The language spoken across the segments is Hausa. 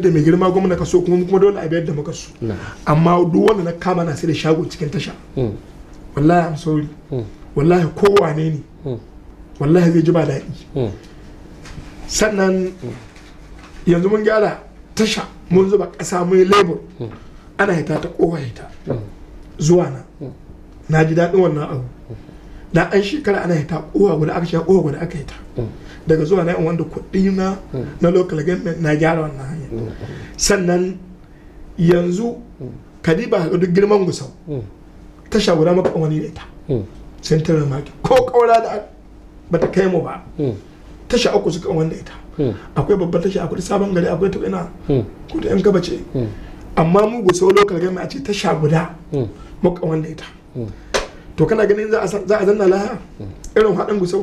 da mai girma gwamna kaso kuma kuma dole a biyar da muka su amma duk wanda na kama na sai da shago cikin tasha hmm. wallahi am sorry hmm. wallahi wane ne hmm. wallahi zai ji ba daɗi sannan yanzu mun gyara tasha mun zuba ƙasa mun labor ana hita ta kowa hita zuwa na na ji daɗin wannan abu da an shekara ana hita kowa guda aka shiga kowa guda aka hita daga zuwa na wanda kuɗi na na local government na gyara wannan hanyar mm. sannan yanzu mm. kadiba ga duk girman gusau mm. ta shagura maka wani da ita central market ko kaura da ba ta kai mu ba tasha uku suka wanda ita akwai babbar tasha akwai sabon gari akwai ta ina ta yan gaba ce amma mu gusau local government a ce tasha guda muka wanda ita to kana ganin za a zanna laha irin haɗin gusau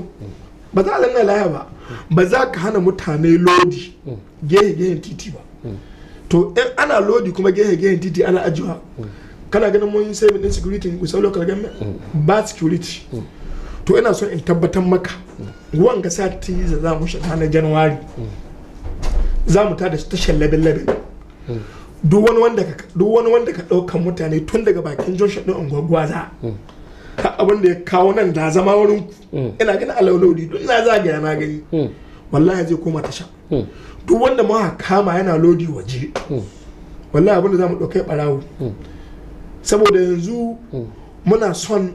ba za a laya ba ba za ka hana mutane lodi gehe gehen titi ba to in ana lodi kuma gehe gehen titi ana ajiwa kana ganin mun sai din security ku sau local government ba security to ina son in tabbatar maka wanga sati za za mu shiga na january za mu tada tashar labin labin duk wani wanda ka ɗaukan mutane tun daga bakin junction din unguwa gwaza abin da ya kawo nan da zama wurin hmm. ina ganin alaulauri duk na zagaya na gani hmm. wallahi zai koma sha. Hmm. duk wanda mu kama yana lodi waje wallahi abin da za mu ɗaukai ɓarawo saboda yanzu muna son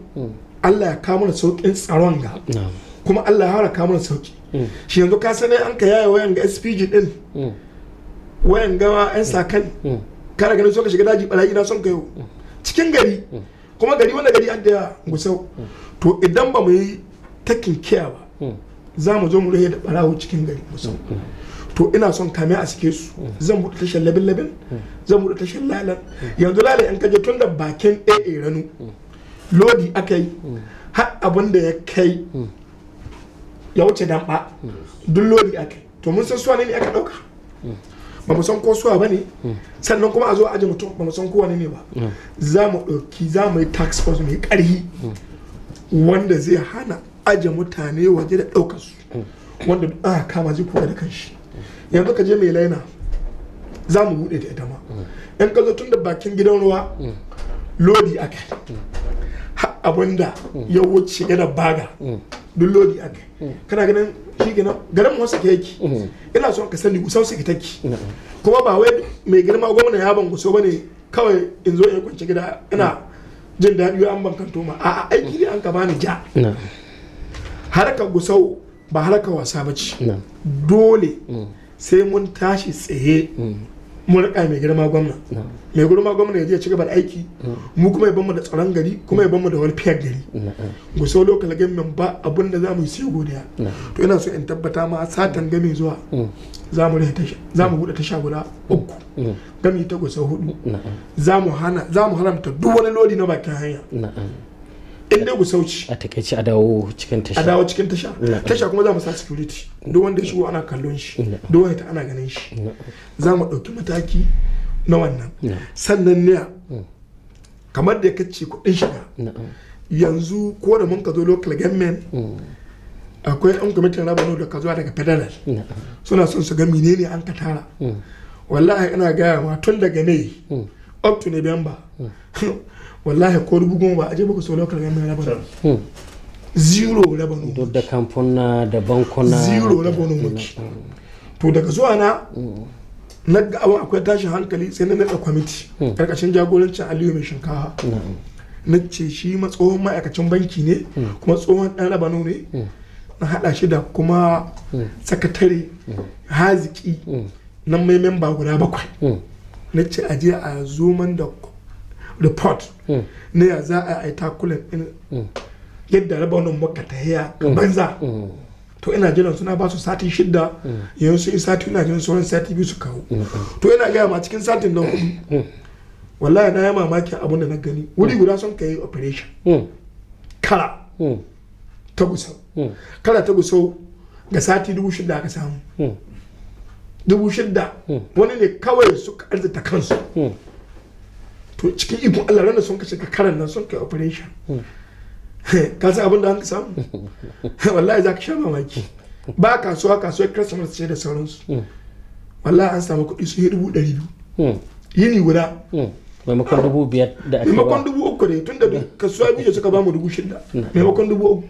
Allah ya kawo mana sauƙin tsaron ga kuma Allah ya hara kawo mana sauƙi shi yanzu ka sani an ka yaya wayan ga SPG din wayan gawa 'yan sakan kara ganin so ka shiga daji ɓarayi na son ka yau cikin gari kuma gari wanda gari an da gusau to idan ba mu yi takin kiya ba hmm. za mu zo mu rage da barawo cikin gari gusau hmm. Hmm. to ina son kame a sike su zan buɗe tashar labin labin zan buɗe tashar lalan yanzu lalan yan kaje tun da bakin AA ranu lodi aka yi har abin da ya kai ya wuce damba duk lodi aka yi to mun san suwa ne aka ɗauka ba mu san ko suwa ba hmm. sannan kuma a zo aji mutum ba mu san ko wani ne ba hmm. za mu ɗauki za mu yi tax force mai ƙarfi hmm. wanda zai hana aje mutane waje da ɗaukar su wanda a kama ji kowa da kanshi yanzu ka je mai laina za mu buɗe da ita ma in ka tun da bakin gidan ruwa lodi aka abinda ya wuce yana baga duk lodi aka kana ganin shi gina garin mu sake yake mm-hmm. ina son ka sani gusau sake take mm-hmm. kuma ba wai mai girma gwamna ya ban guso bane kawai in zo in kwance gida ina mm-hmm. jin daɗi an ban kanto ma a aiki ne an ka bani ja haraka gusau ba haraka wasa ba ce dole sai mun tashi tsaye mun rika mai girma gwamna mai girma gwamna ya je ci gaba da aiki mu kuma ya bamu da tsaron gari kuma ya bamu da wani fiyar gari gusa local government ba abin da za mu yi sai godiya to ina so in tabbata ma satan game zuwa mm. za mu za mu buɗe tasha guda uku mm. gami ta gusa hudu za za mu haramta duk wani lodi na bakin hanya in dai gusauci a takaici a dawo cikin tasha a dawo cikin tasha tasha kuma za mu sa security duk wanda ya shigo ana kallon shi duk wanda ana ganin shi za mu ɗauki mataki na wannan sannan ne kamar da ya kace kuɗin shiga yanzu ko da mun ka zo local government akwai yan kwamitin rabano da ka zuwa daga federal suna son su ga menene an ka tara wallahi ina gaya ma tun daga ne up to november wallahi ko dubu goma ba a je baka so local government revenue hmm. zero revenue duk da kamfuna da bankuna zero revenue muke to daga zuwa na hmm. na ga abin akwai tashin hankali sai na naɗa kwamiti karkashin hmm. jagorancin aliyu mai shinkawa na ce shi tsohon ma'aikacin banki ne kuma tsohon ɗan rabano ne na haɗa shi da kuma sakatare haziki na mai memba guda bakwai na ce aje a zo da report hmm. na ya za a aita takulan din hmm. yadda raba wannan makka ta haya hmm. banza to ina jiran suna ba su sati shida yayin su sati ina jiran sauran sati biyu su kawo to ina ga ma cikin satin nan kudi wallahi na yi mamaki abin da na gani wuri guda sun kai operation kala ta gusau kala ta gusau ga sati dubu shida aka samu dubu shida wani ne kawai suka arzita kansu to cikin ikon Allah ranar sun kashe karan nan sun kai operation ka san abin da an samu wallahi za ka sha mamaki ba kasuwa kasuwar christmas ce da sauransu wallahi an samu kuɗi su yi dubu ɗari biyu hmm. yini guda hmm. maimakon dubu biyar da ake maimakon dubu uku ne tunda kasuwa biyu suka bamu dubu shida maimakon dubu uku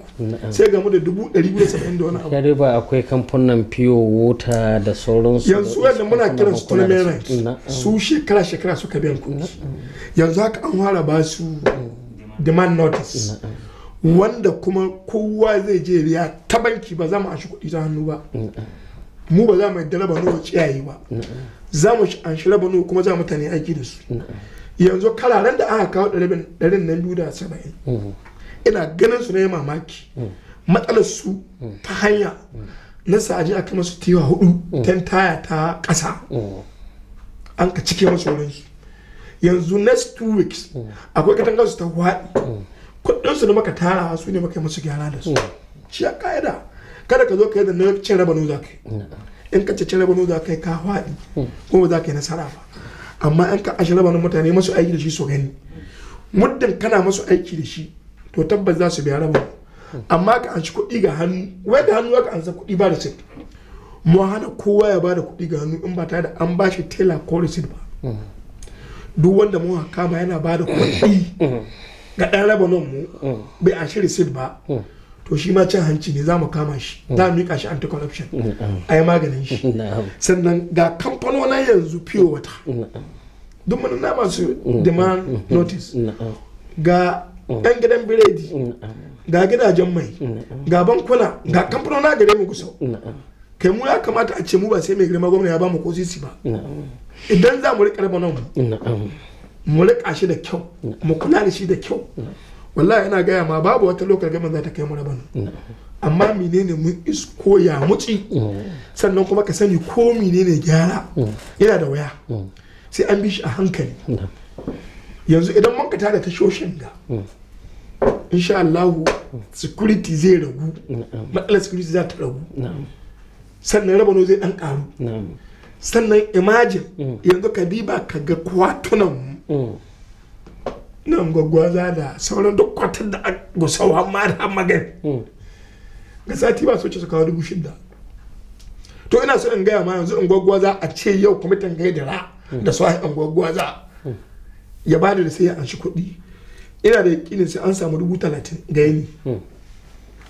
sai gamu da dubu ɗari biyu saba'in da wani abu ya ba akwai kamfanin fiyo wuta da sauransu yanzu wanda muna kiran su tournament su shekara shekara suka biyan kuɗi yanzu haka an fara ba su demand notice wanda kuma kowa zai je biya ta banki ba za mu ashi kuɗi ta hannu ba mu ba za mu yadda raba nawa ciyayi ba za mu an shi raba kuma za mu tane aiki da su yanzu kararen da aka kawo ɗarin nan biyu da saba'in mhm. ina ganin su na yi mamaki mhm. matsalar su mhm. ta hanya na saji aka masu tiwa hudu tan taya ta ƙasa an ka cike masu wurin su yanzu next two weeks akwai katangar su ta waɗi kudin su da maka tara su ne maka masu gyara da su shi a ka'ida kada ka zo ka yi da na cin rabanu za ka yi in ka ci cin rabanu za ka yi ka waɗi kuma za ka yi nasara ba amma an ka ashe rabanin mutane masu aiki da shi su gani muddin kana masu aiki da shi to tabbas za su biya raba amma ka an ci kuɗi ga hannu wai da hannu an ansa kuɗi ba da sit mu hana kowa ya ba da kuɗi ga hannu in ba tare da an ba shi tela ko receipt ba duk wanda mu kama yana ba da kuɗi mm-hmm. ga ɗan rabanin mu mm-hmm. bai an shi ba mm-hmm. to shi ma cin hanci ne za mu kama shi mm. za mu mika shi anti-corruption mm, mm. a yi maganin shi sannan ga kamfanona yanzu fiye wata duk mana na masu demand notice ga yan gidan biredi ga gidajen mai ga bankuna ga kamfanona gare mu kusa kai mu ya kamata a ce mu ba sai mai girma gwamna ya ba mu ko sisi ba idan za mu riƙa raba mu riƙa shi da kyau mu kula da shi da kyau wallahi yana gaya ma babu wata lokal gama za ta kai mana bane amma menene mun isko ya muci sannan kuma ka sani ko menene gyara yana da waya sai an bi shi a hankali yanzu idan mun kata da tashoshin da insha Allah security zai ragu matsalar security za ta ragu sannan rabano zai dan karu sannan imagine yanzu ka diba ka ga kwatunan mu nan gwaggwaza da sauran duk kwatar da gusau hamma da hmm. ga sati ba so su kawo dubu shida to ina so in gaya ma yanzu in gwaggwaza a ce yau kwamitin gaidara hmm. da su in gwaggwaza hmm. ya ba da sai ya shi kuɗi ina da yakinin sai an samu dubu talatin ga ni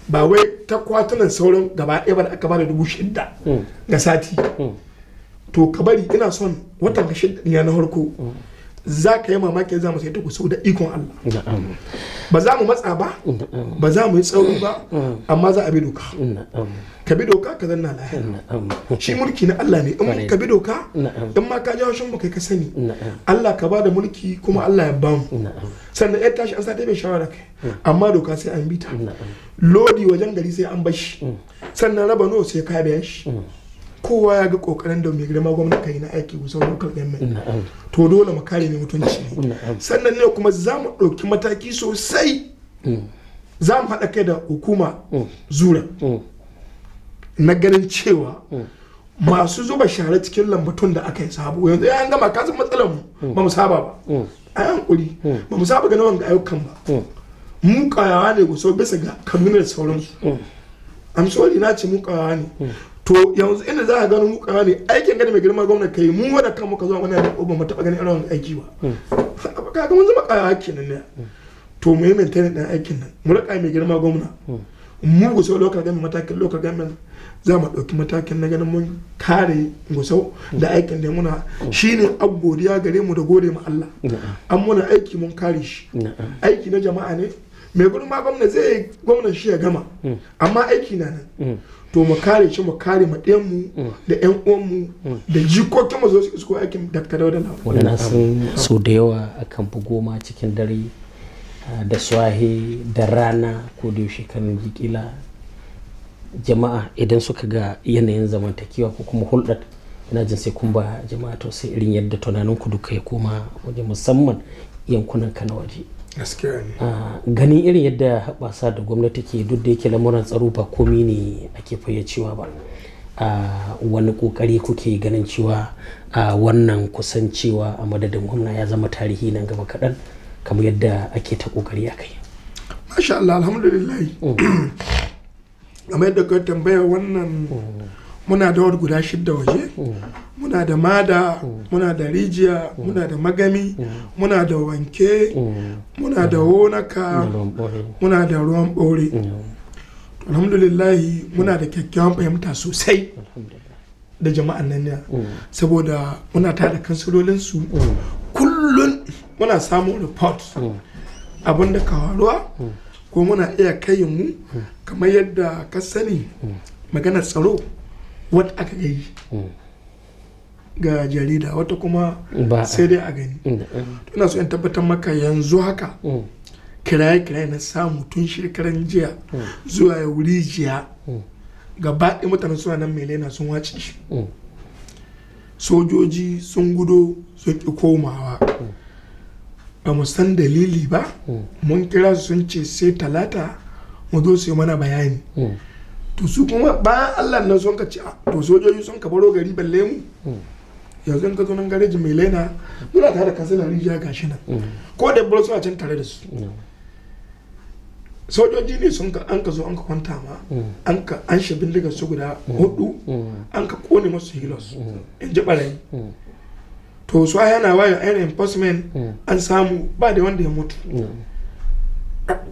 ba wai ta kwatunan sauran gaba ɗaya ba da aka ba da dubu shida ga sati to ka bari ina son watan ka shida na harko za ka yi mamaki za mu sai ta kusa da ikon Allah ba za mu matsa ba ba za mu yi tsauri ba amma za a bi doka ka bi doka ka zanna lafiya shi mulki na Allah ne in ka bi doka in ma ka jawo shin kai ka sani Allah ka ba da mulki kuma Allah ya ba mu sannan ya tashi an sa ta bai shawara kai amma doka sai an bi ta lodi wajen gari sai an bashi mm. sannan raba no sai ka biya shi mm. kowa ya ga kokarin da mai girma gwamnati kai na aiki wusan local government to dole mu kare mai mutunci ne sannan ne kuma za mu ɗauki mataki sosai mm. za mu haɗa kai da hukuma mm. zura mm. na ganin cewa masu zuba share cikin lambatun da aka yi sabo yanzu ya gama kasan matsalar mu ba mu saba ba a yankuri ba mu saba ganin ga ayyukan ba mu kayawa ne so bisa ga kaduna sauransu am sorry na ce mu kayawa ne to yanzu inda za a gano mu ne aikin gani mai girma gwamnati kai mu wada kan muka zuwa wannan ba mu taɓa ganin irin aiki ba hmm. kaga mun zama kaya aikin nan ne to mu yi maintain ɗin aikin nan mu mai girma gwamna hmm. mu gusau local government matakin local government za mu ɗauki matakin na ganin mun kare gusau da hmm. aikin da muna shine abu godiya gare mu da gode ma Allah an muna aiki mun kare shi aiki na jama'a ne mai gudun gwamna zai gwamna shi ya gama amma aiki na nan to mu kare shi mu kare mu ɗayan mm. mu da ƴan uwan mu mm. da jikokin mu zo su isko aikin da Dr. Dauda Lawan wannan mm. sun so da yawa akan bugo ma cikin dare ah, da swahe da rana ko da yaushe kan jikila jama'a idan suka ga yanayin zamantakewa ko kuma hulɗar ina jin sai kun ba jama'a to sai irin yadda tunanin ku duka ya koma waje musamman yankunan ka na waje Ah, gani irin yadda haɓasa da gwamnati ke duk da yake lamuran tsaro ba komi ne ake fayyacewa ba ah, wani ƙoƙari kuke ganin cewa ah, wannan kusancewa a madadin gwamna ya zama tarihi nan gaba kaɗan kamar yadda ake ta ƙoƙari a kai masha Allah alhamdulillah mm. kamar yadda ka tambaya wannan mm. muna da guda shidda waje hmm. muna da mada hmm. muna da rijiya hmm. muna da magami muna da wanke muna da wonaka muna da ruwan ɓaure alhamdulillahi muna da kyakkyawan fahimta sosai da jama'an nan ya saboda muna ta tada kansulolinsu kullum muna samun report abin da ka faruwa ko muna iya kai mu kamar yadda ka sani maganar tsaro wata aka gani ga jarida wata kuma sai dai a gani mm. ina so in tabbatar maka yanzu haka mm. kiraye-kiraye na samu tun shekaran jiya mm. zuwa ya wuri jiya gaba ɗaya mutane suna nan melena sun wace shi sojoji sun gudo sun ƙi komawa ba mu san dalili ba mun kira sun ce sai talata mu zo su yi mana bayani to su kuma bayan allah nan sun ka ci ah, to sojoji sun ka baro gari balle mu yanzu in ka zo nan gareji mai lena muna tare da kansila rijiya gashi nan mm. ko da bulo suna can tare da su mm. sojoji ne sun ka an ka zo an ka kwanta ma mm. an ka an shi bindigar su guda hudu an ka kone masu hilos in ji barayi to su yana wayo ayan enforcement an samu ba da wanda ya mutu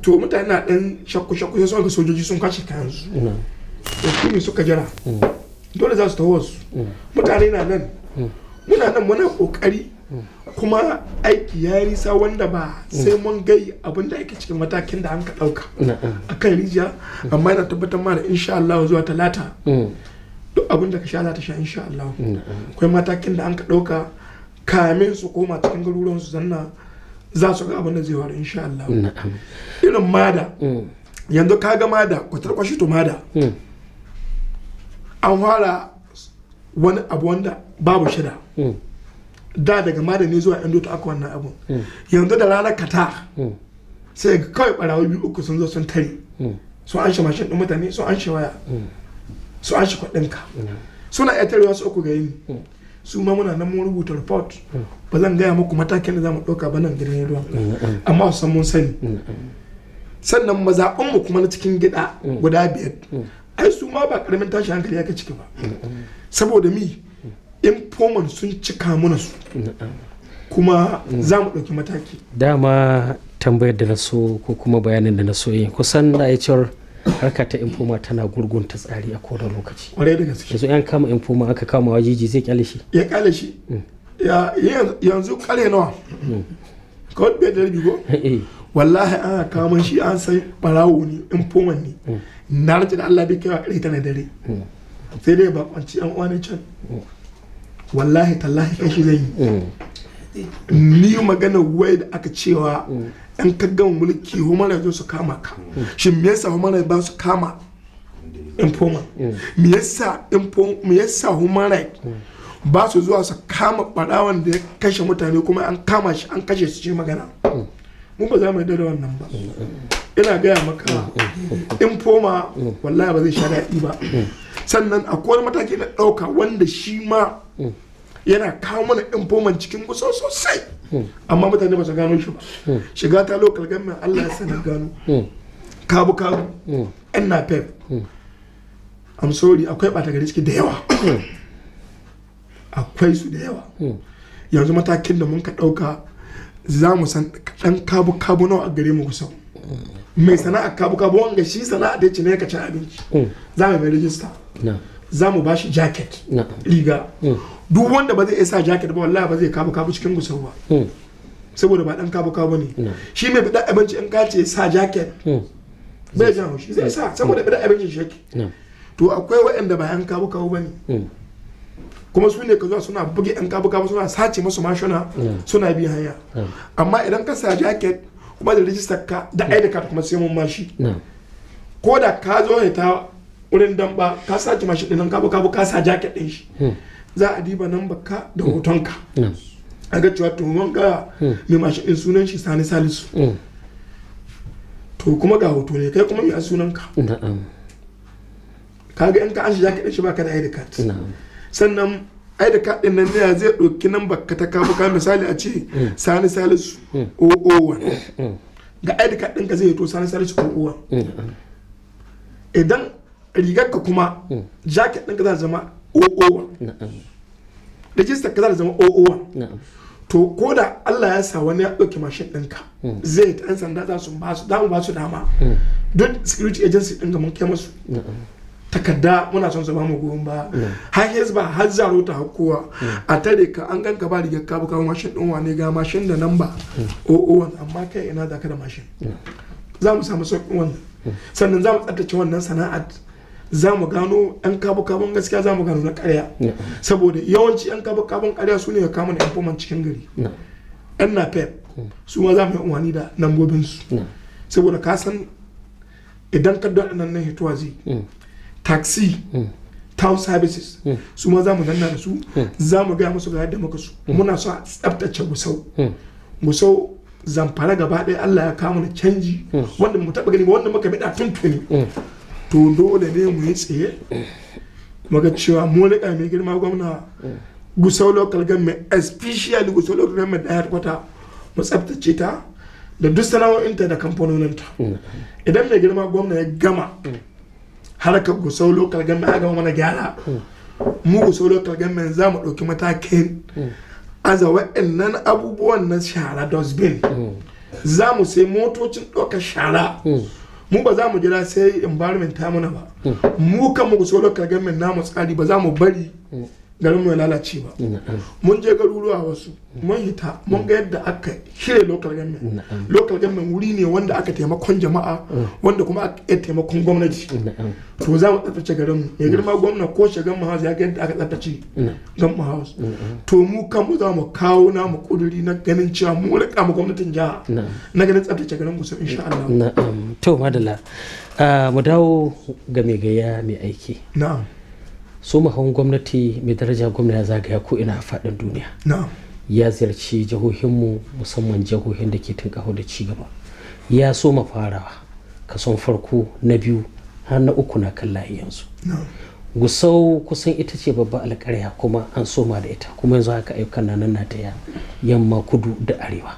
to mutane na dan shakku shakku sai ga sojoji sun kashe kayan su hukumi suka jira mm. dole za su taho su mm. mutane na nan mm. muna nan muna kokari kuma aiki ya nisa wanda ba sai mun gai abin da cikin matakin da an ka dauka kan rijiya amma yana tabbatar mana insha Allah zuwa talata duk abin da ka sha ta sha insha Allah akwai matakin da an ka dauka kamin su koma cikin garuruwan su zanna za su ga abin da zai faru insha Allah irin mada yanzu ka ga mada kwatar kwashi to mada an fara wani abu wanda babu shida hmm. da daga madani zuwa yan ta aka wannan abu hmm. yanzu da ranar kata hmm. sai ga kawai barawa biyu uku sun zo sun tare sun an shi mashin ɗin mutane sun an shi waya sun an shi kuɗinka suna iya tarewa su uku ga yini su ma muna nan mun rubuta report ba zan gaya muku matakin da za mu ɗauka ba nan gidan ruwan amma su san mun sani sannan mazaɓinmu kuma na cikin gida guda biyar ai su ma ba karamin tashi hankali yake ciki ba saboda mi informant sun cika mana su kuma za mu ɗauki mataki dama tambayar da na so ko kuma bayanin da na so yi kusan da ya cewar harka ta infoma tana gurgunta tsari a kowane lokaci kwarai da gaske yanzu yan kama infoma aka kama wajiji zai kyale shi ya kyale shi mm. yanzu kare nawa mm. kawai bai da ko eh. wallahi an kama shi an sai barawo ne infoman ne mm. na rajin Allah bai kare ta tana dare sai dai ba kwanci yan wani can wallahi tallahi kai shi zai ni magana wai da aka cewa an ka gama mulki humara zo su kama ka shin me yasa humara ba su kama informa me yasa me yasa humara ba su zuwa su kama barawan da ya kashe mutane kuma an kama shi an kashe su ce magana mu ba za mu yarda da wannan ba ina gaya maka in foma wallahi ba zai sha daɗi ba sannan akwai mataki na ɗauka wanda shi ma yana kawo mana in foman cikin kusa sosai amma mutane ba su gano shi ba shiga ta local government Allah ya sani gano kabu kabu yan na pep i'm sorry akwai ɓata gari ciki da yawa akwai su da yawa yanzu matakin da mun ka ɗauka zamu san ɗan kabu kabu nawa a gare mu kusa mai sana'a kabu kabu wanga shi sana'a da ne ka ci abinci mm. za mu mai rijista za mu bashi jacket riga mm. duk wanda ba zai iya sa jacket ba wallahi ba zai kabu kabu cikin gusau ba mm. saboda ba dan kabu kabu ne shi mai fitar abinci in ka ce sa jacket bai jan haushi zai sa saboda fitar abinci shi to akwai waɗanda ba yan kabu kabu ba ne kuma su ne ka zuwa suna buge yan kabu kabu suna sace masu mashina suna bi hanya amma idan ka sa jacket kuma da rijistar ka da hmm. aida ka kuma sai mun mashi ko da ka zo ne ta wurin damba ka sace mashi dinan ka buka ka sa jacket din shi hmm. za a diba nan ka da hmm. hoton ka a ga cewa tuhumon ga mai mashi din sunan shi sani salisu to kuma ga hoto ne kai kuma mai sunan ka kaga in ka an shi jacket din shi ka da aida ka sannan ai da kaɗin nan ne zai ɗauki nan baka ta kafa ka misali a ce mm. sani salisu mm. o'owan da mm. ai da kaɗin ka zai to sani salisu o'owan idan rigar ka kuma jacket ɗin ka za zama o'owan register ka za zama o'owan to ko da Allah ya sa wani ya ɗauki mashin ɗinka zai ta 'yan sanda za su ba su dama duk security agency ɗin ga mun kai masu takarda muna son su ba mu goyon ba mm. har hezba har zaro ta hakkuwa mm. a tare ka an ganka ba rigar ka buka mashin din wane ga mashin da nan ba o'o mm. amma kai ina da ka da mashin za mu samu sauƙin wannan sannan za mu tsattace wannan sana'ar za mu gano yan kabu kabun gaskiya za mu gano na karya saboda yawanci yan kabu kabun karya su ne ya kama da yan cikin gari yan na pep su ma za mu yi umarni da su saboda kasan san idan ka daɗa nan hituwa zai taxi hmm. town services hmm. su ma za mu nan da su hmm. za mu gaya musu ga yadda muka su muna so a tsabtace gusau gusau zamfara gaba ɗaya Allah ya kawo mana canji wanda mu taɓa gani wanda muka bi da tuntuni to dole ne mu yi tsaye muga cewa mu rika mai girma gwamna gusau local government especially gusau local government da headquarter mu tsabtace ta da duk sana'o'inta da kamfanoninta idan mai girma gwamna ya gama harkar gusau local a gama mana gyara mu gusau local government za mu ɗauki matakin aza wa'annan abubuwan na shara dustbin za mu sai motocin ɗaukar shara mu ba za mu jira sai environment ta mana ba mu kan mu gusau local government namu tsari ba za mu bari garin mu ya lalace ba mun je garuruwa wasu mun hita mun ga yadda aka shirya local government local government wuri ne wanda aka taimakon jama'a mm. wanda kuma aka taimakon gwamnati to za mu tsaftace garin mu mai girma gwamna ko shagan mahaus ya ga yadda aka tsaftace gan mahaus to mu kan mu za mu kawo na mu kuduri na ganin cewa mu rika mu gwamnatin jiha na ganin tsaftace garin mu sau insha Allah to madalla ah, mu dawo ga mai gaya mai aiki na'am su hawan gwamnati mai daraja gwamnati ya zagaya ko ina faɗin duniya ya ziyarci jihohinmu musamman jihohin da ke tunkaho da cigaba ya so farawa kason farko na biyu har na uku na kan yanzu gusau kusan ita ce babba alƙarya kuma an soma da ita kuma yanzu haka ayyukan na nan ta yamma kudu da arewa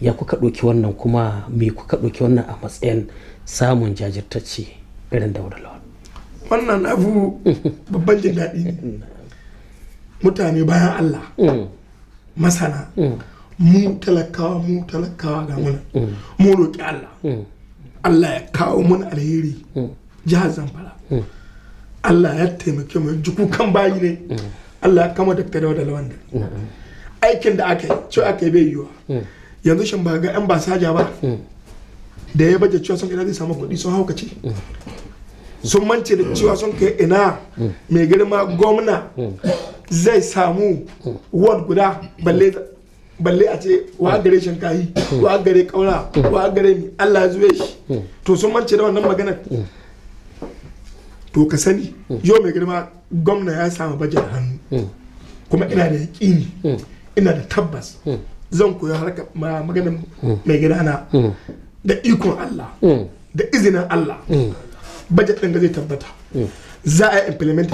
ya kuka ɗauki wannan kuma me kuka ɗauki wannan a matsayin samun jajirtacce irin da lawan wannan abu babban jin daɗi ne mm. mutane bayan Allah mm. masana mm. mu talakawa mu talakawa ga muna mu roƙi Allah Allah ya kawo mun alheri jihar Zamfara Allah ya taimake mu juku kan bayi ne Allah ya kama dakta da wanda aikin da aka yi cewa aka yi bai yiwa yanzu shan ba ga yan basaja ba da ya baje cewa sun ina zai samu kuɗi sun haukace sun mance da cewa sun kai ina mai girma gwamna zai samu ward guda balle a ce wa gare shinkahi wa gare kaura wa gare mi Allah zuwe shi to sun mance da wannan maganar to ka sani yau mai girma gwamna ya samu bajar hannu kuma ina da yaƙini ina da tabbas zan koyi harkar maganar mai gidana da ikon Allah da izinin Allah budget ɗin ga zai tabbata mm. za a implement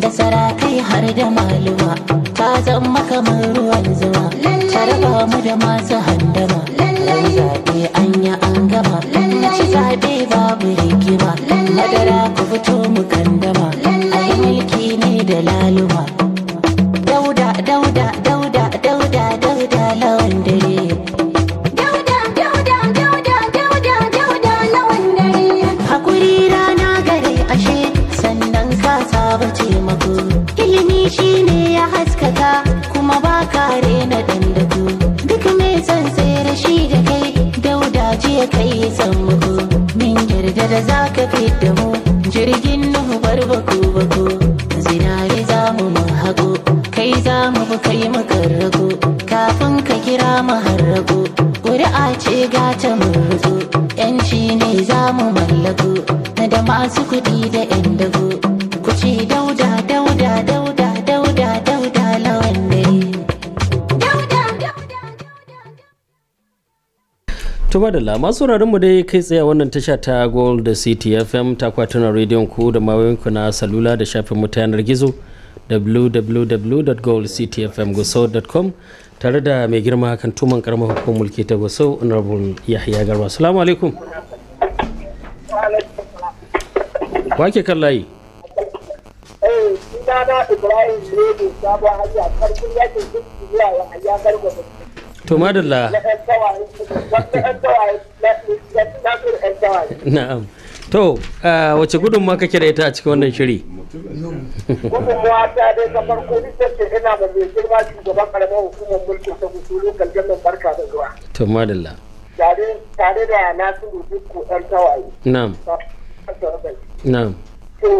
da sarakai har da maluma ta zama kamar ba mu da masu hannu ya da mu jirgin nuhu bar bako bako zinari za mu hago kai za mu bi kai mu kafin ka kira mu harrago ƙuri'a ce gata mu rugo yanci ne za mu mallako na da masu madalla masu mu dai kai tsaye wannan tasha ta gold city fm ta kwatuna rediyon ku da mawayinku na salula da shafin mu ta yanar gizo www.goldcityfmgusau.com tare da mai girma kan tuman karamar hukumar mulki ta Goso honorable yahya garba assalamu alaikum Wa wake kan layi eh, Ibrahim Lagos sabon hanya karfin yakin duk zuwa wa hanya garba to madalla na'am to wace ma kake da ita a cikin wannan shiri gudunmawa ta dai ta farko ita ce ina da mai girma shugaban karamar hukumar mulkin ta barka da zuwa to madalla tare da tawaye na'am na'am to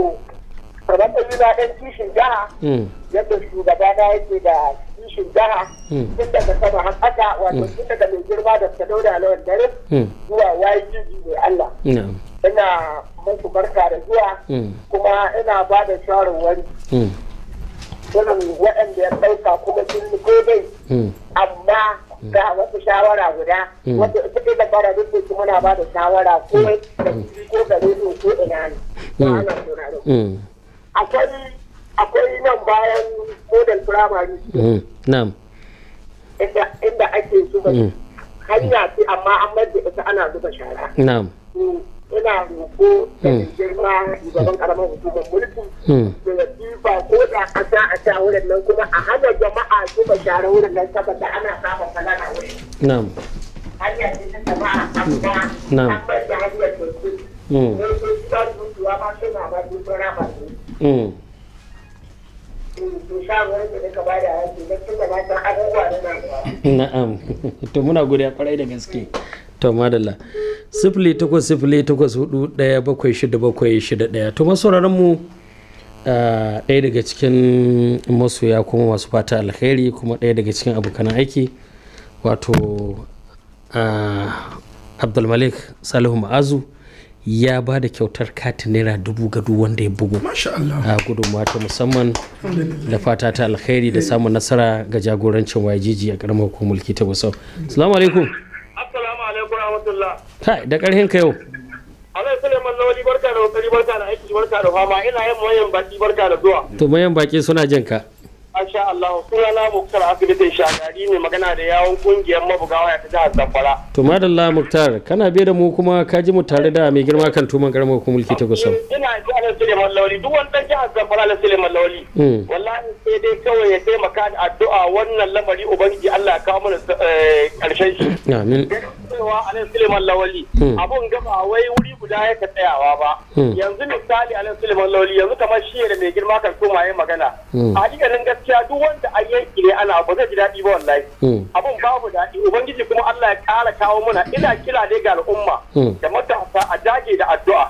kamar da na ɗan kishin jiha mm. yadda shugaba na yake da kishin jiha tun hmm. daga sama har haka wato tun hmm. daga mai girma da ta dauda lawan dare hmm. zuwa YGG mai Allah. Ina muku barka da zuwa kuma ina ba da shawarwari. Irin waɗanda ya ɗauka kuma sun yi gobe amma ga wasu shawara guda ita suke da fara duk su muna ba da shawara ko da ko ko ina ne. Akwai akwai nan bayan model primary mm, na'am inda ake zuba mm. hanya ce amma an mai ita ana zuba shara na'am ina roko da mm. girma gaban karamar hukumar mulki da ya diba ko da a a sa wurin nan kuma a hana jama'a zuba shara wurin nan saboda ana samun falana wuri na'am hanya ce ta jama'a amma an mai da hanyar da su ne sun ma suna ba dubara ba su na'am muna godiya kwarai da gaske to madalla sifili takwas sifili takwas hudu daya bakwai shida bakwai shida daya to masauraran mu ah, ɗaya daga cikin masoya kuma masu fata alkhairi kuma ɗaya daga cikin abokan aiki wato ah, abdulmalik salihu ma'azu ya ba da kyautar katin naira dubu ga duk wanda ya bugu a gudunmawa ta musamman da fata ta alkhairi da eh. samun nasara ga jagorancin wajiji a karamar hukumar mulki ta busau assalamu alaikum assalamu alaikum rahmatullah kai da karhin ka yau Allah Suleiman Lawali barka da wakari barka da aiki barka da fama ina yin mayan baki barka da zuwa to mayan baki suna jin ka Masha Allah, suna na Muktar asibitin shagari ne magana da yawon kungiyar mabugawa ya ta jihar Zamfara. To Madalla Muktar, kana biye da mu kuma ka ji mu tare da mai girma kan tuman karamar hukumar mulki ta Gusau. Ina jihar Suleiman Lawli, duk wani dan jihar Zamfara na Suleiman lawali hmm. Wallahi sai dai kawai ya taimaka da addu'a wannan lamari Ubangiji Allah ya kawo mana eh, ƙarshen shi. Amin. cewa anan Suleiman Lawali hmm. abun gaba wai wuri guda ya ka tsayawa ba hmm. yanzu misali alin Suleiman Lawali yanzu kamar shi da mai girma kan koma yin magana hmm. a hakikanin gaskiya duk wanda an yanki ne ana ba zai ji dadi ba wallahi abun babu daɗi ubangiji kuma Allah ya kara kawo muna ina kira dai ga al'umma da matasa a dage da addu'a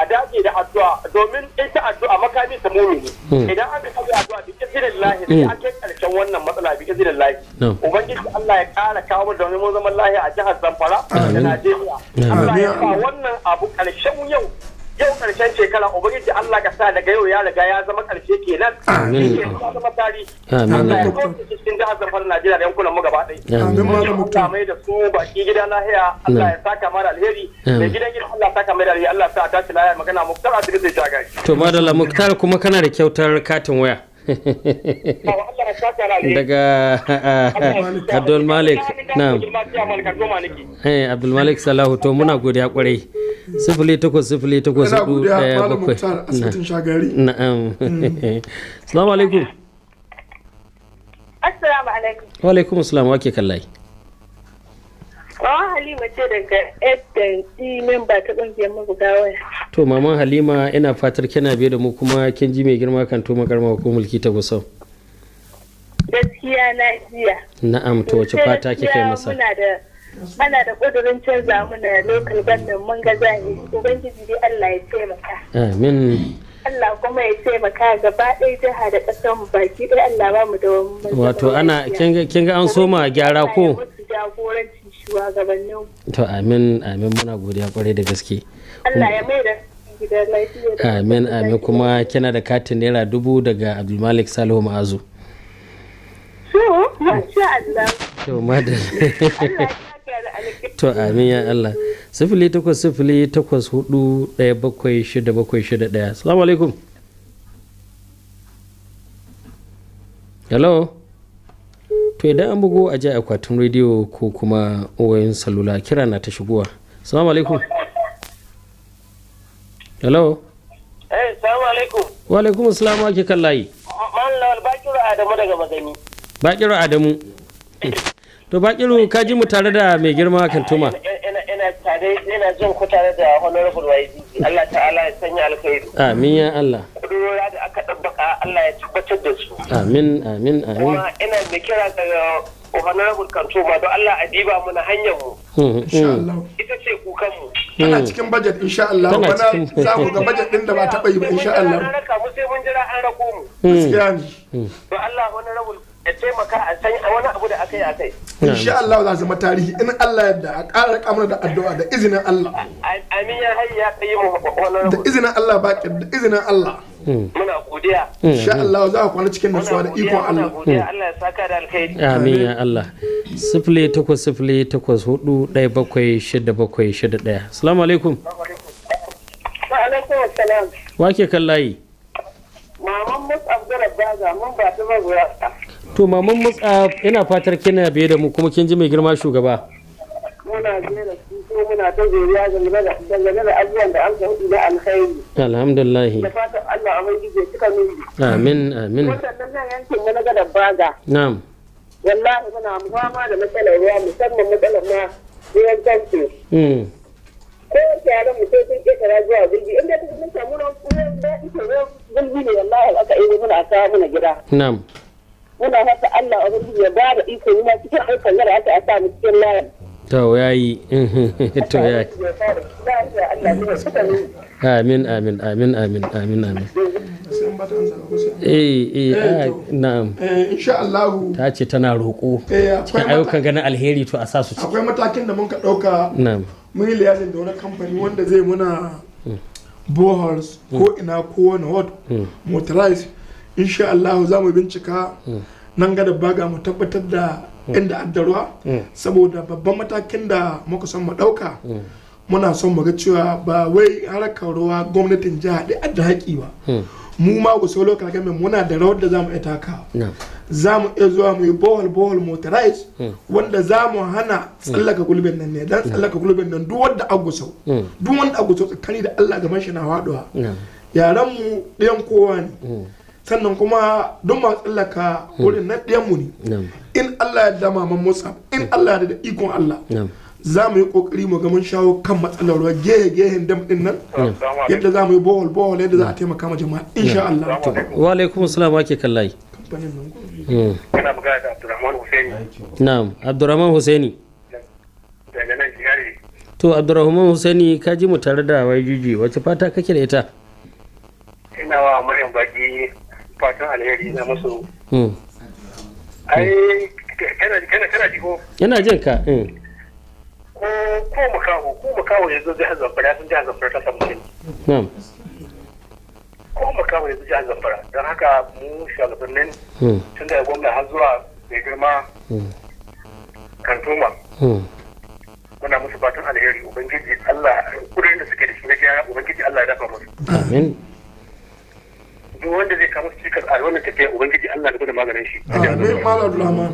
a dage da addu'a domin ita addu'a makami ta mumini idan an ka addu'a bi izinin lahi sai an kai karshen wannan matsala bi izinin lahi ubangiji Allah ya kara kawo da wani zaman lahiya a jihar Zamfara da Najeriya Allah ya wannan abu karshen yau yau karshen shekara ubangiji Allah ka sa daga yau ya riga ya zama karshe kenan amin ya zama tarihi Allah ya kawo cikin jihar Zamfara Najeriya da yankunan mu gaba ɗaya amin malam muktar mai da su baki gida lahiya Allah ya saka mara alheri gidan Allah saka mai alheri Allah sa a tashi lahiya magana muktar a cikin gari to madalla muktar kuma kana da kyautar katin waya daga abdulmalik na'am eh salahu to muna godiya kwarai sifili takwas sifili takwas hudu daya bakwai na'am hmm. alaikum assalamu alaikum wa alaikum wake kallai Halima ce daga Ed e, member ta ƙungiyar mabuga to maman halima ina fatar kina biyu da mu kuma kin ji mai girma kan tuma karma ko mulki ta gusau gaskiya na jiya na'am to wace fata kika yi masa ana da kudurin canza muna lokal gannan mun ga zani ubangiji dai Allah ya taimaka amin Allah kuma ya taimaka gaba ɗaya jiha da ƙasar mu baki ɗaya Allah ba mu da wani wato ana kin ga an soma gyara ko jagoranci to amin amin muna godiya kwarai da gaske Allah ya mai da amin amin kuma kina da katin naira dubu daga abdulmalik salihu ma'azu to amin ya allah sifili takwas sifili takwas hudu daya bakwai shida bakwai shida daya salamu alaikum hello to idan an bugu a ji akwatin rediyo ko kuma wayan salula kira na ta shigowa salamu alaikum hello hey eh, salamu alaikum wa alaikum assalam wa ke kan layi mallam bakiru adamu daga magani bakiru adamu to bakiru ka ji mu tare da mai girma kan tuma ina tare ina jin ku tare da honorable waisi Allah ta'ala ya sanya alkhairi amin ya Allah ruwa da aka dabbaka Allah ya tabbatar da su amin amin amin kuma ina mai kira ga honorable kan tuma don Allah a diba na hanyar mu hmm, hmm. insha Allah tana hmm. cikin budget insha Allah wani za mu ga budget din da ba taɓa yi ba insha Allah an raka mu sai mun jira an rako mu gaskiya ne hmm. Hmm. to Allah wani rawul ya taimaka a san wani abu da akai akai insha Allah za zama tarihi in Allah yadda a ƙara kamar da addu'a da izinin Allah amin ya hayya ya kai mu da izinin Allah ba da izinin Allah muna godiya hmm. insha Allah za ku kwana cikin nutsuwa da ikon Allah hmm. Allah ya saka da alkhairi amin ya Allah sifili takwas sifili takwas hudu ɗaya bakwai shida bakwai shida ɗaya assalamu alaikum wa alaikum salam. wa ke kallayi maman musa Baza mun ba ta magoya to maman matsa ina fatar kina biye da mu kuma kin ji mai girma shugaba muna biye da muna dangane da abubuwan da an alhamdulillah amin amin yankin mu baga na'am wallahi muna fama da matsalar ruwa musamman matsalar ruwan hmm. ko yake yaran mutum sun zuwa jirgi, inda ta samu ruwan daɗi ruwan ne aka iya muna kawo muna gida na'am muna haka Allah a rubu ya bada iko yi ma cikin aikon yara aka a samu cikin layin. To ya yi, to ya yi. Amin, amin, amin, amin, amin, amin. Eh, eh, eh ah, na'am. Eh, insha Allah. Ta ce tana roƙo. Eh, cikin ayyukan ganin alheri to a sa su ciki. Akwai matakin da mun ka ɗauka. Na'am. Mun yi liyasin da wani kamfani wanda zai muna mm. boholes ko ina ko wani hot mm. motorized insha Allah za mu bincika hmm. nan ga da baga mu tabbatar da hmm. inda addarwa hmm. saboda babban matakin da muka son mu dauka muna son mu ga cewa ba wai harkar ruwa gwamnatin jiha da adda haƙi ba mu ma ku solo kagame muna da rawar da zamu iya taka za iya zuwa mu yi bohol bohol motorize wanda zamu hana tsallaka gulbin nan ne dan tsallaka gulbin nan duk wanda an duk wanda agusa tsakani da Allah ga shi na faduwa yaran mu ɗayan kowa ne sannan kuma don ma tsallaka hmm. wurin na ɗiyanmu ne in Allah ya dama man musa in hmm. Allah ya da ikon Allah za mu yi kokari mu ga mun shawo kan matsalar ruwa gehe gehen dam din nan yadda za mu yi bohol bohol yadda za a taimaka ma jama'a insha Allah wa alaikum assalam ake kallai kamfanin nan hmm. kana Abdurrahman na'am Abdurrahman Husaini daga nan jihari to Abdurrahman Hussaini ka ji mu tare da wajiji wace fata kake da ita ina wa Maryam baki fatan alheri na masu hmm. ai kana kana jiko yana jin ka hmm. ko ko makaho ko makaho yanzu jihar zamfara sun jihar zamfara ta samu ne ko makaho yanzu jihar zamfara don haka mu shugabannin hmm. tun daga gwamna har zuwa mai girma kantoma muna musu fatan alheri ubangiji allah kudin da suke da shi na gyara ubangiji allah ya dafa musu amin duk wanda zai kama cikas a wannan tafiya ubangiji Allah ya da maganin shi amin malam Abdulrahman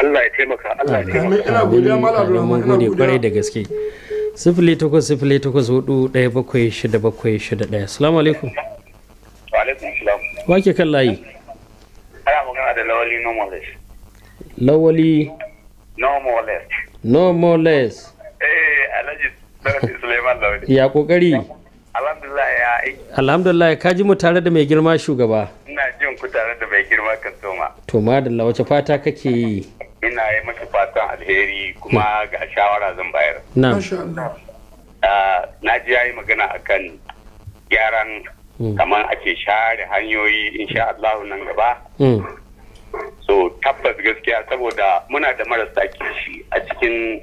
Allah ya taimaka Allah ya taimaka ina godiya malam Abdulrahman ina godiya kwarai da gaske sifili takwas sifili takwas hudu ɗaya bakwai shida bakwai shida ɗaya salamu alaikum wa alaikum salam wa ke kan layi ana magana da lawali no more less lawali no more less no more less eh alhaji suleiman lawali ya kokari alhamdulillah ya aiki alhamdulillah ka ji mu tare da mai girma shugaba ina jin ku tare da mai girma kan toma to madalla wace fata kake yi ina yi maka fatan alheri kuma ga shawara zan bayar na ah, na ji yi magana a kan gyaran mm. kamar ake share hanyoyi insha Allah nan gaba mm. so tabbas gaskiya saboda muna da marasa kishi a cikin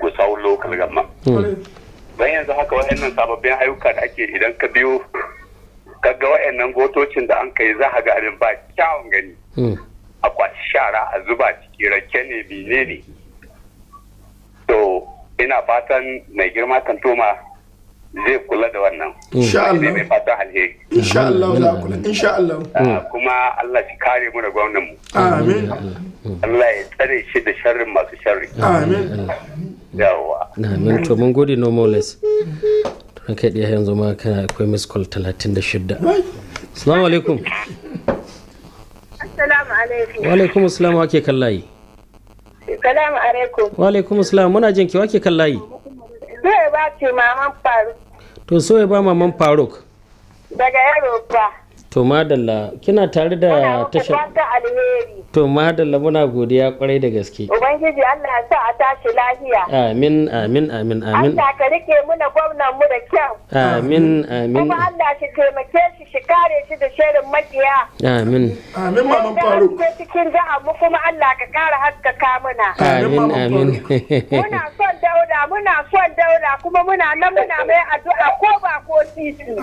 gusau local gama don yanzu haka waɗannan sababbin ayyuka da ake idan ka biyo kaga waɗannan gotocin da an kai za a ga abin ba kyawun gani hmm. a kwashi shara a zuba ciki rake ne bine ne to ina fatan mai girma tantoma zai kula da wannan hmm. insha alheri insha Allah ah, kuma Allah shi kare mu da gwamnan mu Allah ya tsare shi da sharrin masu sharri amin yawa na nan to mun gode no more less ran kai ɗaya yanzu ma kana akwai miss call 36 assalamu alaikum assalamu alaikum wa alaikum assalam wake kallayi assalamu alaikum wa alaikum assalam muna jin ki wake kallayi ba ce maman faruk to ba maman faruk daga yaro to madalla kina tare da tashar to madalla muna godiya kwarai da gaske ubangiji Allah sa a tashi lafiya amin amin amin amin Allah ka rike muna gwamnan mu da kyau amin amin kuma Allah shi taimake shi shi kare shi da shirin makiya amin amin maman faru ke cikin jaha mu kuma Allah ka kara haskaka muna amin amin muna son dauda muna son dauda kuma muna nan muna mai addu'a ko ba ko titi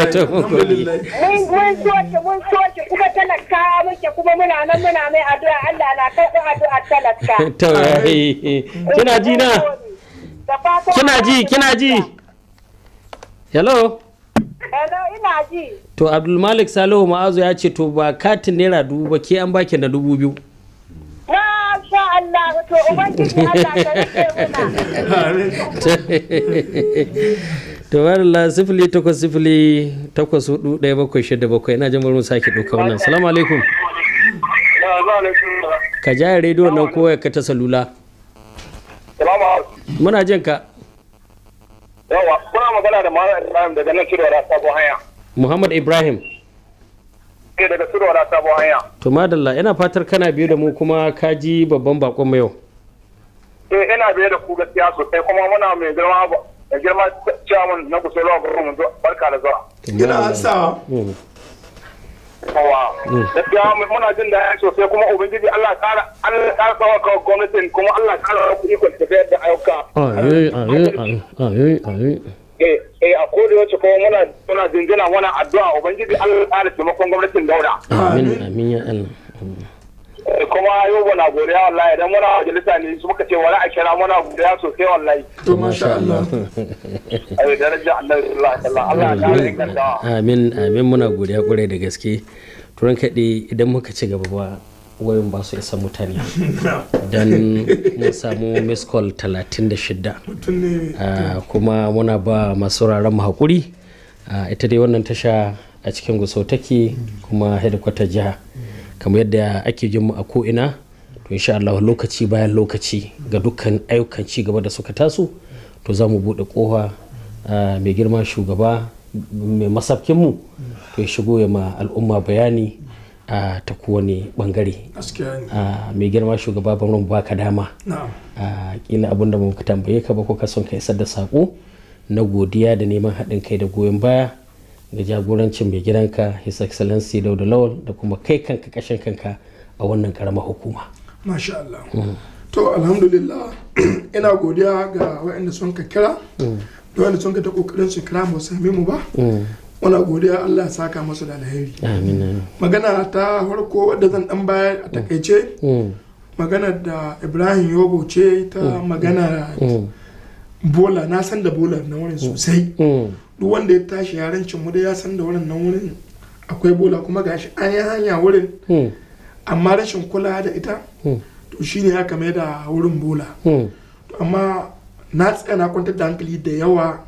to to mun Mun so shi mun so shi kuma talaka muke kuma muna nan muna mai addu'a Allah na karɓi addu'a talaka. Eh, kina ji na? Kina ji kina ji? Hello? Hello ina ji. To Abdulmalik Salihu Ma'azu ya ce to ba katin naira dubu ba ke an baki da dubu biyu. Masha Allah to ubangiji Allah ka rike muna. tabarallah sifili takwas sifili takwas hudu ɗaya bakwai shida bakwai ina jin mu sake ɗauka wannan salamu alaikum ka jaya rediyo nan kowa ka ta salula muna jin ka yawa kuna magana da Muhammad Ibrahim daga nan Shirwa da Sabo Hanya Muhammad Ibrahim ke eh, daga Shirwa da Sabo Hanya to madalla ina fatar kana biyu da mu kuma ka ji babban bakon mu yau eh ina biyu da ku gaskiya sosai kuma muna mai girma da girma ciyaman na kusa zuwa gurin mun barka da zuwa ina ansawa kowa gaskiya muna jin da ya sosai kuma ubangiji Allah kara Allah kara sawa ka gwamnatin kuma Allah kara rabu ikon tafiyar da ayyuka eh, eh a koda yace kuma muna muna jinjina wannan addu'a ubangiji Allah taimakon gwamnatin daura amin amin ya Allah kuma yau na godiya wallahi idan muna majalisa ne su muka ce wani a kira muna godiya sosai wallahi to masha Allah ai daraja Allah Allah Allah amin amin muna godiya kwarai da gaske turan kaɗe idan muka ci gaba ba wayan ba su isa mutane don mu samu miss call 36 ah, kuma muna ba masu raran mu hakuri ah, ita dai wannan tasha a cikin guso take kuma headquarter jiha kamar yadda ake jin mu a ko'ina to insha Allah lokaci bayan lokaci ga dukkan ayyukan ci gaba da suka taso to za mu buɗe ƙofa mai girma shugaba mai masafkin mu to ya shigo ya ma al'umma bayani a ta kowane bangare mai girma shugaba bamu ba ka dama kila da ba ka tambaye ka ba ko ka son ka isar da saƙo na godiya da neman haɗin kai da goyon baya ga jagorancin mai gidanka his excellency dauda lawal da kuma kai kanka kashin kanka a wannan karamar hukuma masha Allah mm. to alhamdulillah ina godiya ga waɗanda sun ka kira mm. da waɗanda sun ka ta kokarin su kira mu sami mu ba mm. muna godiya Allah ya saka masu da alheri magana ta farko wadda zan dan bayar a takaice magana da Ibrahim Yobo ce ta magana bola na san da bola na wurin sosai duk wanda ya tashi yarancin mu da ya san da wurin nan wurin akwai bola kuma gashi an yi hanya wurin hmm. amma rashin kula da ita hmm. to shine haka mai da wurin bola hmm. amma na tsaya na kwantar da hankali da yawa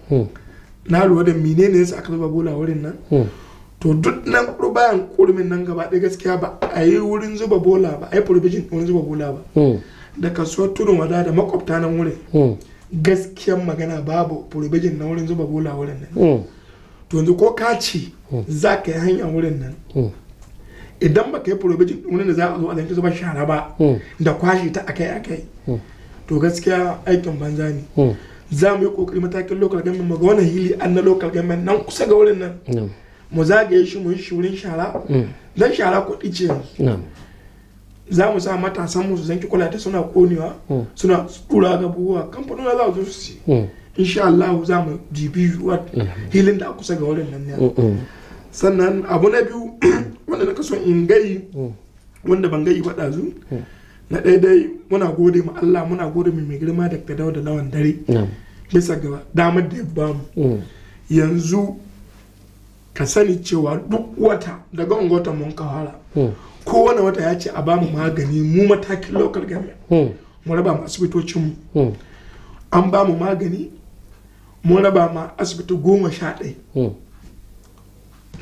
na lura da menene yasa aka zuba bola wurin nan to duk nan bayan kurmin nan gaba ɗaya gaskiya ba a yi wurin zuba bola ba a yi provision wurin zuba bola ba da kasuwar turin wada da makwabta nan wurin gaskiyan magana babu provision na wurin zuba bola wurin nan hmm. to yanzu ko ka ce hmm. za ka yi hanyar wurin nan hmm. idan baka yi provision wurin da za a zo a zanci zuba shara ba da kwashe ta akai akai to gaskiya aikin banza ne za mu yi kokari matakin local government mu ga wani hili an na local government nan kusa ga wurin nan mu zagaye shi mu yi shi wurin shara dan shara kuɗi ce yanzu za mu sa matasan mu su zanki kwalata suna konewa hmm. suna tura ga buwa kamfanin za su su ci hmm. insha Allah za mu dibi hmm. hilin da kusa ga wurin nan ne sannan abu na biyu wanda na kaso in gai wanda ban gai ba dazu na daidai muna gode ma Allah muna gode mai girma da ka da lawan dare bisa ga damar da ya ba mu yanzu ka sani cewa duk wata daga ungwata mun kawara kowane wata ya ce a ba mu magani mu matakin local government hmm. mu raba mu asibitocin mu hmm. an ba mu magani mu raba ma asibiti goma sha ɗaya hmm.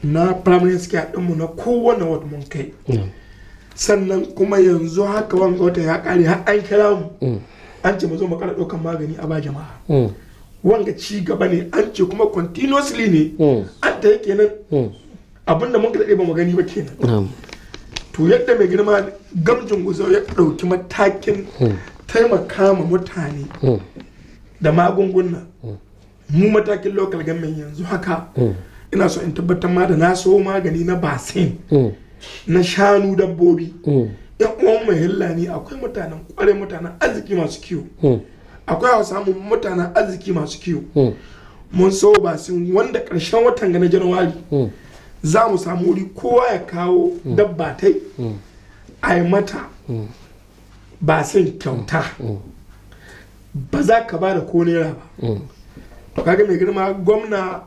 na primary care ɗinmu na kowane wata mun kai sannan kuma yanzu haka wanga wata ya ƙare har an kira mu an ce mu zo mu ƙara ɗaukar magani a ba jama'a wanga ci gaba ne an ce kuma continuously ne an ta yake nan abinda mun ka daɗe ba mu gani ba kenan to yadda mai girma gamjin guzo ya ɗauki matakin hmm. taimaka ma mutane hmm. da magunguna hmm. mu matakin lokal government yanzu haka ina so in tabbatar ma da na magani na basin na shanu dabbobi yan uwan mai hilla ne akwai mutanen kware mutanen arziki masu kiwo akwai hausa mu mutanen arziki masu kiwo mun so basin wanda ƙarshen watan ga na januwari za mu samu wuri kowa ya kawo mm. dabba ta yi. Mm. a yi mata mm. ba sun kyauta ba za ka ba da ko naira ba to kaga mai girma gwamna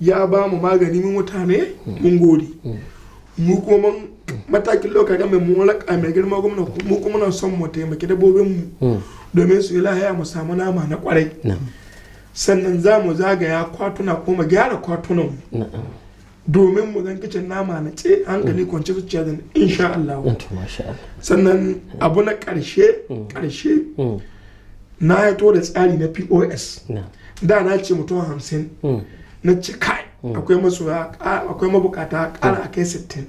ya ba mu magani mun mutane mun gode mu kuma matakin lokaci mai mulaka mai girma gwamna mu kuma na son mu taimaki dabbobin mu domin su yi lahaya mu samu nama na kwarai sannan za mu zagaya kwatuna kuma gyara kwatunan mu domin mu zan kicin nama na ce hankali mm. kwanci ciyar da insha Allah mm, sannan mm. abu na karshe karshe na ya to da tsari na POS da na ce mutum hamsin na ce kai akwai masoya akwai mabukata kara kai sittin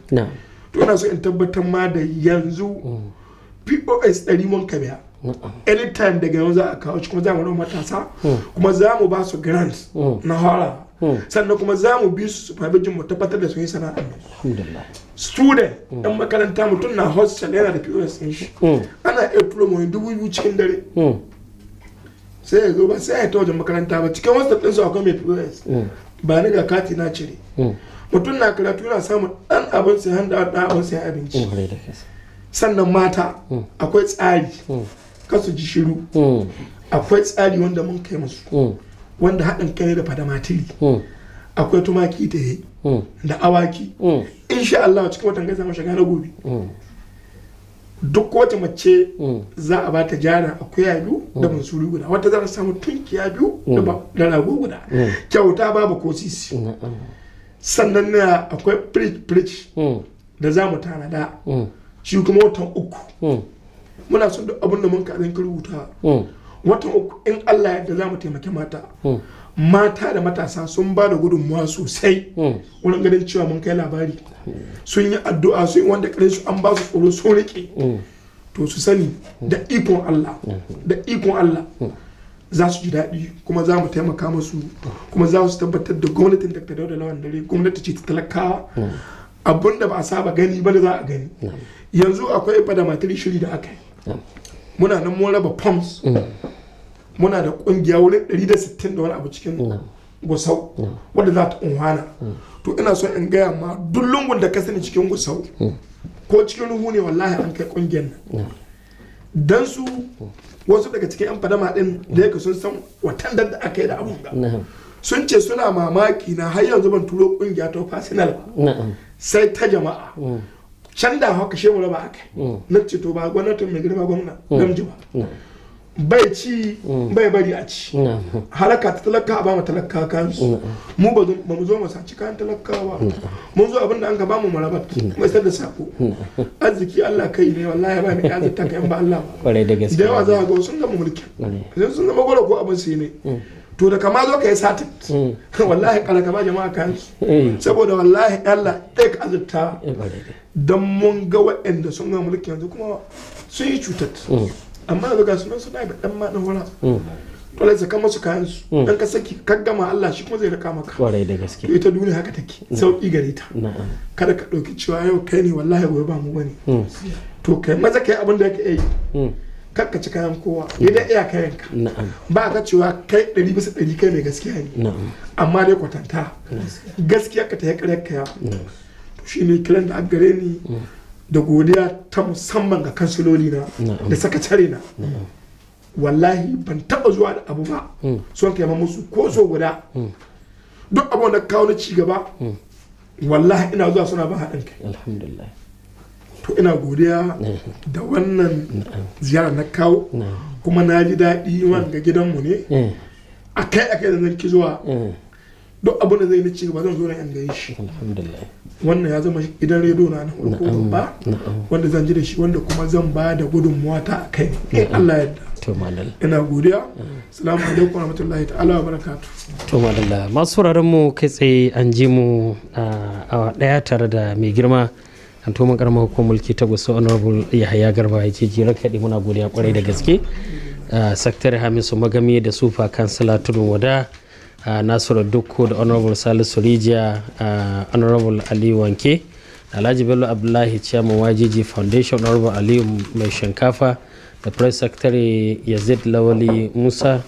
to na so in tabbatar ma da yanzu POS ɗari mun ka biya anytime daga yanzu za a kawo kuma za mu matasa kuma za mu ba su grants na hora Hmm. sannan kuma zamu, mu bi su supervision mu tabbatar da su yi sana'a student dan hmm. makaranta mutum na hostel yana da pos ɗin shi hmm. ana iya tura mu dubu biyu cikin dare sai ya zo ba sai ya ta wajen makaranta ba cikin hostel din su akwai mai pos ba ni ga kati na cire mutum na karatu yana samun dan abin sai handa dan abin sai abinci sannan mata akwai tsari kasu ji shiru akwai tsari wanda mun kai musu wanda haɗin kai da fadamatili hmm. akwai tumaki ta yi hmm. da awaki hmm. insha Allah cikin watan gaisa shiga na gobe duk wata mace za a bata jana a kuya biyu da mansuri guda wata za ta samu tunkiya biyu da rago guda kyauta babu ko sisi sannan na eh, akwai fridge fridge da za mu da. shi kuma watan uku muna son duk abin da mun ka rubuta wata uku in Allah yadda za mu taimaki mata hmm. mata da matasa sun ba da gudunmuwa sosai hmm. wurin ganin cewa mun kai labari sun yi addu'a sun yi wanda su an ba su tsoro sun rike hmm. to su sani da ikon Allah da ikon Allah za su ji daɗi kuma za mu taimaka masu kuma za su tabbatar da gwamnatin da da lawan dare gwamnati ce ta talakawa abun da ba a saba gani ba da za a gani yanzu akwai fadamatiri shiri da aka yi muna nan mun ba pumps muna da kungiya wurin 160 da wani abu cikin mm. gusau mm. wadda za ta unhana mm. to ina so in gaya ma duk lungun da ka sani cikin gusau ko cikin ruhu ne wallahi an kai kungiyar nan dan su wasu daga cikin yan fadama din da yake sun san watan da aka yi da abu sun ce suna mamaki na har yanzu ban turo kungiya ta fasinal sai ta jama'a can da haka shehu raba aka na ce to ba gwamnatin mai girma gwamna gamji ba bai ci mm. bai bari a ci mm. halaka ta talaka a bamu talaka kayan su mm. mu ba mu zo mu saci kayan talakawa mun zo abinda an ka bamu marabat mai sar da sako arziki Allah kai ne wallahi ba mai ta kai ba Allah ba da yawa za ka ga sun mulki idan sun zama gwada ko abin sai ne to da kama zo kai sati wallahi kala kama jama'a kayan su eh. saboda wallahi Allah dai ka azurta eh, dan mun ga wa'anda sun ga mulki yanzu kuma sun yi cutar amma yanzu ga sunan suna da dan ma dan hmm. wala to lai saka musu kayan su hmm. dan ka saki ka gama Allah shi kuma zai raka maka kwarai da gaske ita duniya haka take hmm. sauki gare ta kada ka dauki cewa yau kai ne wallahi gobe ba mu bane to kai maza kai abin da yake yi ka ci kayan kowa idan iya kayan ka ba ka cewa kai ɗari bisa ɗari kai mai gaskiya ne amma dai kwatanta gaskiya ka ta yi karyar kaya shi ne kiran da aggare gare ni da godiya ta musamman ga kansuloli na da sakatare na wallahi ban taba zuwa da abu ba mm. son kai musu ko so guda mm. duk abu da kawo na ci gaba mm. wallahi ina zuwa suna ba haɗin kai alhamdulillah to ina godiya da wannan ziyara na kawo kuma na ji daɗi wanga gidanmu ne akai akai da nan ki zuwa duk abu da zai na ci gaba zan zo na yan gaishe alhamdulillah wannan ya zama idan rediyo na farko babba wanda zan ji da shi wanda kuma zan ba da gudunmuwa ta a kai in Allah yadda ina godiya salamu alaikum rahmatullahi ta'ala wa barakatu to madalla masu sauraron mu kai tsaye an ji mu a daya tare da mai girma an toman karamar hukumar mulki ta gusa honorable yahaya garba ya ce jira kaɗi muna godiya kwarai da gaske sakatare hamisu magami da sufa kansila tudun wada Ah, nasiru dukku da honorable salisu rijiya a ah, honorable ali wanke alhaji bello abdullahi chairman wajiji foundation honorable aliyu mai shinkafa da press secretary yazid lawali musa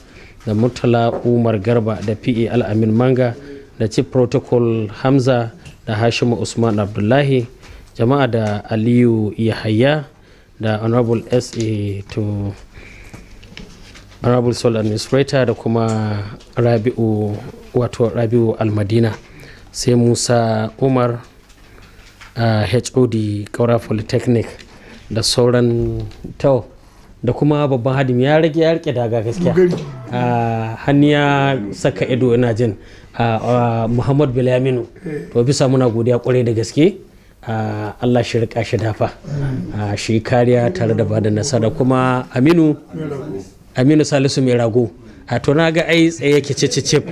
da murtala umar garba da pe Al-Amin manga da chief protocol hamza da hashimu usman abdullahi jama'a da aliyu yahaya da honorable sa to honorable sol administrator da kuma rabi'u wato rabi'u almadina sai musa umar uh, hod kaura polytechnic da sauran tau da kuma babban hadim ya rage ya rike daga gaskiya hannu ya saka ido ina jin muhammad bilaminu eh. to bisa muna godiya kwarai da gaske allah shi rika shi dafa shi kariya tare da bada nasara kuma aminu aminu salisu mai rago a to na ga ai tsaye ke cicicip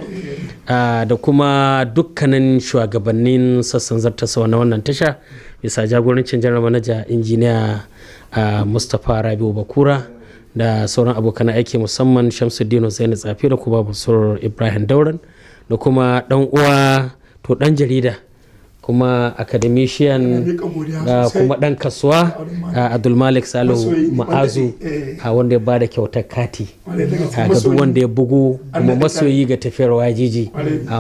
da kuma dukkanin shugabannin sassan zartarsa na wannan tasha bisa jagorancin janar manaja injiniya a mustapha rabiu bakura da sauran abokan aiki musamman shamsuddin zainu tsafi da kuma busur ibrahim dauran da kuma dan uwa to dan jarida kuma academician uh, kuma dan kasuwa a abdulmalik salihu ma'azu a eh, wanda ya bada kyautar kati ga duk wanda ya bugu kuma masoyi ga tafiyar wajiji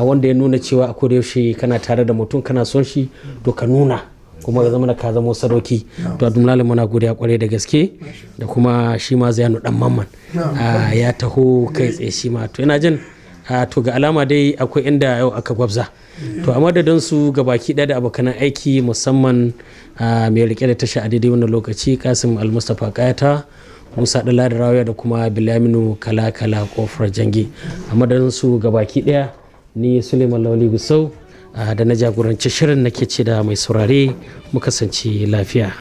wanda ya nuna cewa a yaushe kana tare da mutum kana son shi to ka nuna kuma ga zama ka zama sadauki to abdulmalik muna godiya kwarai da gaske da kuma shi ma zai dan mamman ah, ya taho kai tsaye shi ma to ina jin to ga alama dai akwai inda yau aka gwabza to a madadin su ga baki ɗaya da abokanan aiki musamman mai rike da tasha a daidai wannan lokaci kasim almustapha kayata musa ɗala da rawaya da kuma bilaminu kala kala kofar jange a madadin su ga baki ɗaya ni suleiman lauli gusau da na jagoranci shirin nake ce da mai saurare mu kasance lafiya.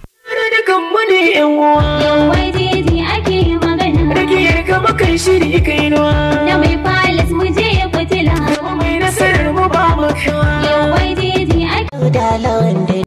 Rakiyar kama shiri kai Yau wai didi ake da lawan da